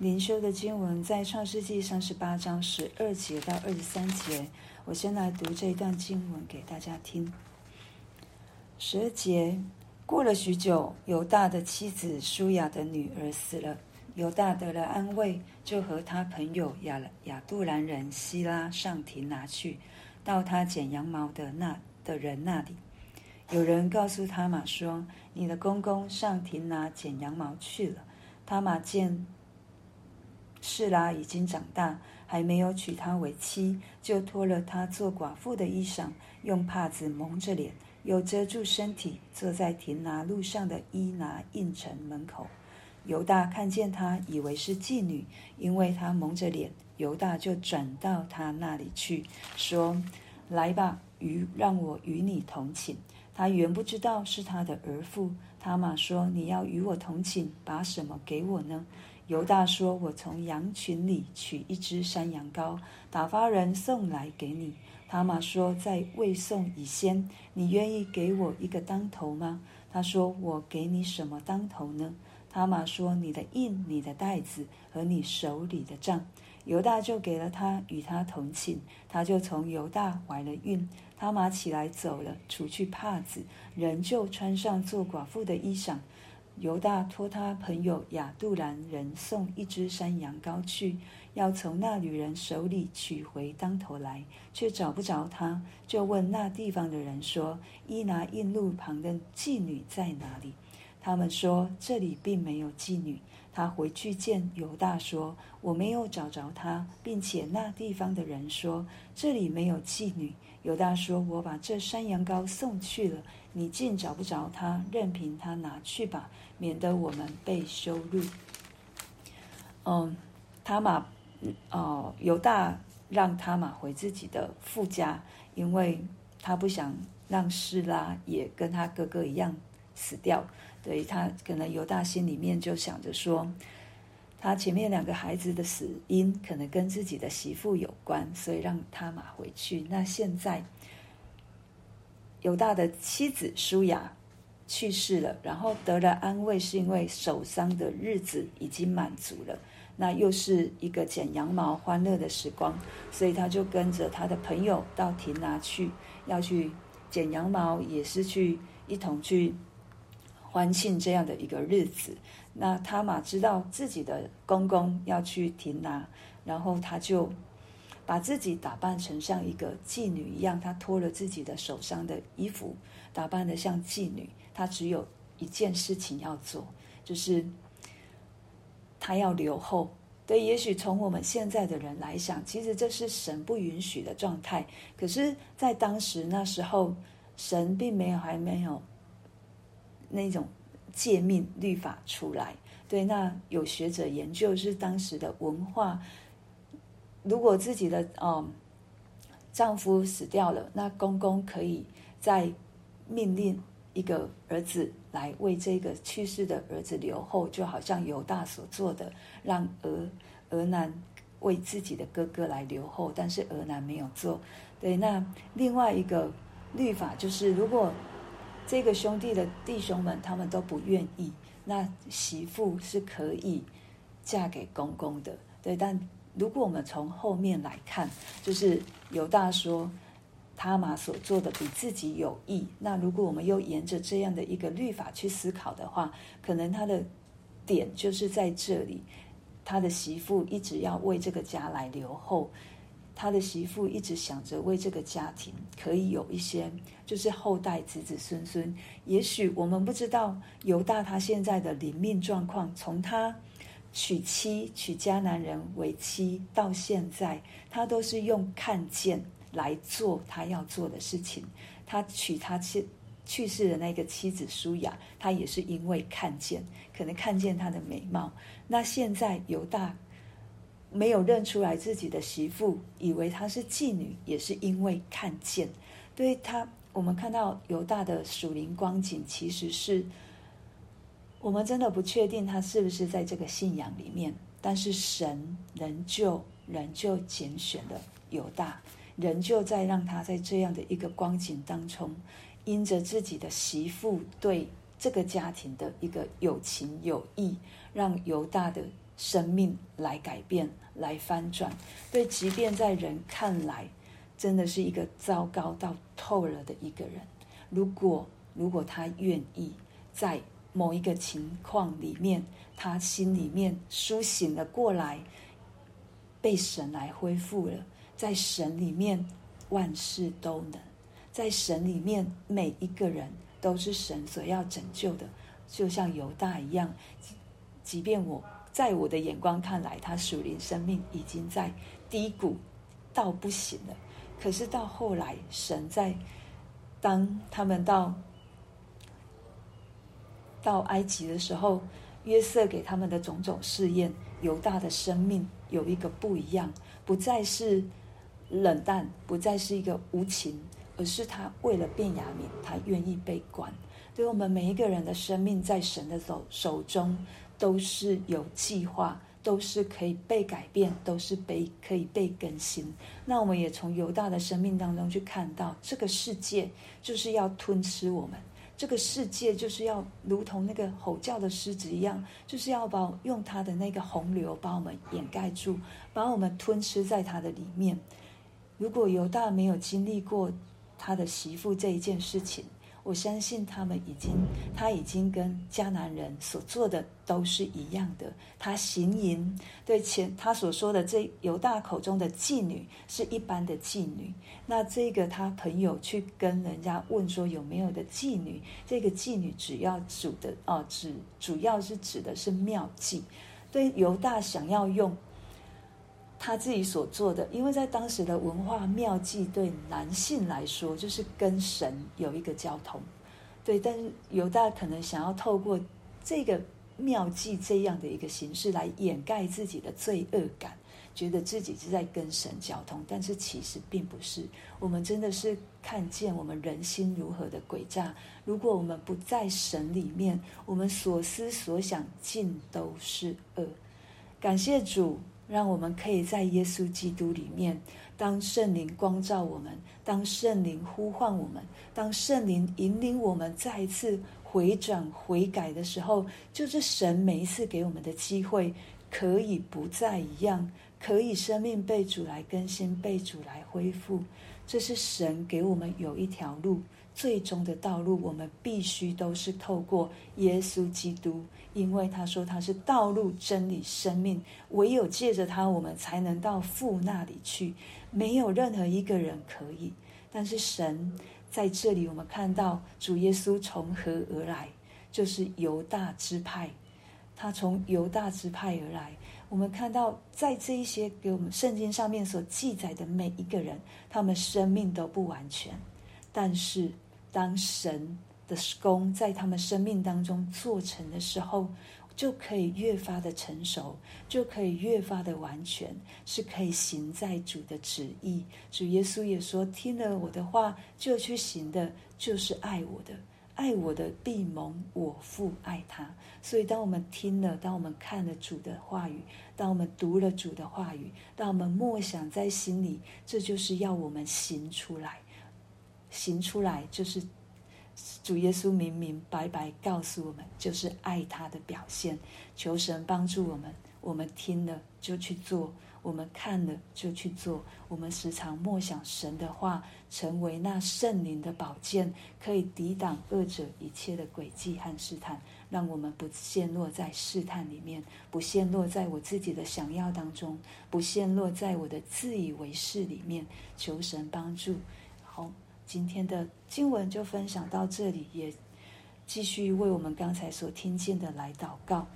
靈修的經文在創世記三十八章，十二節到二十三節，我先來讀這一段經文給大家聽。十二節，過了許久，猶大的妻子舒雅的女兒死了。猶大得了安慰，就和他朋友亞亞杜蘭人希拉上亭拿去，到他剪羊毛的那的人那裡。有人告訴他瑪說：“你的公公上亭拿剪羊毛去了。”他瑪見示拉、啊、已經長大，還沒有娶她為妻，就脫了她做寡婦的衣裳，用帕子蒙着臉，又遮住身體，坐在亭拿路上的伊拿印城門口。猶大看見她以為是妓女，因為她蒙着臉，猶大就轉到她那裡去，說：“來吧，與讓我與你同寢。”她原不知道是她的兒婦。他瑪說：“你要與我同寢，把什麼給我呢？”猶大說：“我從羊群裡取一隻山羊羔，打發人送來給你。”他瑪說：“在未送以先，你願意給我一個當頭嗎？”他說：“我給你什麼當頭呢？”他瑪說：“你的印、你的帶子和你手裡的杖。”猶大就給了他，與他同寢。他就從猶大懷了孕。他瑪起來走了，除去帕子，仍舊穿上做寡婦的衣裳。猶大托他朋友亞杜蘭人送一隻山羊羔去，要從那女人手裡取回當頭來，卻找不着他，就問那地方的人說：“伊拿印路旁的妓女在哪裡？”他們說：“這裡並沒有妓女。”他回去見猶大說：“我沒有找着她，並且那地方的人說這裡沒有妓女。”猶大說：“我把這山羊羔送去了，你竟找不着他，任憑他拿去吧。”免得我們被羞辱。嗯，他瑪哦，嗯，猶大讓他瑪回自己的父家，因為他不想讓示拉也跟他哥哥一樣死掉。所以他可能猶大心裡面就想着說，他前面兩個孩子的死因可能跟自己的媳婦有關，所以讓他瑪回去。那現在猶大的妻子書亞。去世了，然後得了安慰，是因為守喪的日子已經滿足了。那又是一個剪羊毛歡樂的時光，所以他就跟着他的朋友到亭拿去，要去剪羊毛，也是去一同去歡慶這樣的一個日子。那他瑪知道自己的公公要去亭拿，然後他就。把自己打扮成像一個妓女一樣，她脫了自己的手上的衣服，打扮得像妓女。她只有一件事情要做，就是她要留後。對，也許從我們現在的人來想，其實這是神不允許的狀態。可是，在當時那時候，神並沒有還沒有那種誡命律法出來。對，那有學者研究是當時的文化。如果自己的嗯、哦、丈夫死掉了，那公公可以再命令一個兒子來為這個去世的兒子留後，就好像猶大所做的，讓俄俄南為自己的哥哥來留後，但是俄南沒有做。對，那另外一個律法就是，如果這個兄弟的弟兄們他們都不願意，那媳婦是可以嫁給公公的。對，但。如果我們從後面來看，就是猶大說他瑪所做的比自己有益。那如果我們又沿着這樣的一個律法去思考的話，可能他的點就是在這裡：他的媳婦一直要為這個家來留後，他的媳婦一直想着為這個家庭可以有一些就是後代子子孫孫。也許我們不知道猶大他現在的靈命狀況，從他。娶妻，娶迦南人為妻，到現在他都是用看見來做他要做的事情。他娶他妻去世的那個妻子舒雅，他也是因為看見，可能看見她的美貌。那現在猶大沒有認出來自己的媳婦，以為她是妓女，也是因為看見。對他，我們看到猶大的屬靈光景，其實是。我們真的不確定他是不是在這個信仰裡面，但是神仍舊、仍舊揀選了猶大，仍舊在讓他在這樣的一個光景當中，因着自己的媳婦對這個家庭的一個有情有義，讓猶大的生命來改變、來翻轉。對，即便在人看來，真的是一個糟糕到透了的一個人，如果如果他願意在。某一個情況裡面，他心裡面甦醒了過來，被神來恢復了。在神裡面，萬事都能；在神裡面，每一個人都是神所要拯救的。就像猶大一樣，即，即便我在我的眼光看來，他屬靈生命已經在低谷到不行了，可是到後來，神在，當他們到。到埃及的時候，約瑟給他們的種種試驗，猶大的生命有一個不一樣，不再是冷淡，不再是一個無情，而是他為了便雅憫，他願意被管。對我們每一個人的生命，在神的手手中都是有計劃，都是可以被改變，都是被可以被更新。那我們也從猶大的生命當中去看到，這個世界就是要吞吃我們。這個世界就是要如同那個吼叫的獅子一樣，就是要把用它的那個洪流把我們掩蓋住，把我們吞噬在它的裡面。如果猶大沒有經歷過他的媳婦這一件事情，我相信他們已經，他已經跟迦南人所做的都是一樣的。他行淫，對前他所說的這猶大口中的妓女是一般的妓女。那這個他朋友去跟人家問說有沒有的妓女，這個妓女主要指的啊，指、哦、主，主要是指的是廟妓，對猶大想要用。他自己所做的，因為在當時的文化廟妓，對男性來說就是跟神有一個交通，對。但是猶大可能想要透過這個廟妓這樣的一個形式來掩蓋自己的罪惡感，覺得自己是在跟神交通，但是其實並不是。我們真的是看見我們人心如何的詭詐。如果我們不在神裡面，我們所思所想盡都是惡。感謝主。讓我們可以在耶穌基督裡面，當聖靈光照我們，當聖靈呼喚我們，當聖靈引領我們再一次回轉、悔改的時候，就是神每一次給我們的機會，可以不再一樣，可以生命被主來更新、被主來恢復。這是神給我們有一條路，最終的道路，我們必須都是透過耶穌基督。因為他說他是道路、真理、生命，唯有借着他，我們才能到父那裡去。沒有任何一個人可以。但是神在這裡，我們看到主耶穌從何而來，就是猶大支派。他從猶大支派而來。我們看到，在這一些給我們聖經上面所記載的每一個人，他們生命都不完全。但是當神的工在他們生命當中做成的時候，就可以越發的成熟，就可以越發的完全，是可以行在主的旨意。主耶穌也說：“聽了我的話就去行的，就是愛我的。愛我的必蒙我父愛他。”所以，當我們聽了，當我們看了主的話語，當我們讀了主的話語，當我們默想在心裡，這就是要我們行出來。行出來就是。主耶穌明明白白告訴我們，就是愛他的表現。求神幫助我們，我們聽了就去做，我們看了就去做。我們時常默想神的話，成為那聖靈的寶劍，可以抵擋惡者一切的詭計和試探，讓我們不陷落在試探裡面，不陷落在我自己的想要當中，不陷落在我的自以為是裡面。求神幫助，好。今天的經文就分享到這裡，也繼續為我們剛才所聽見的來禱告。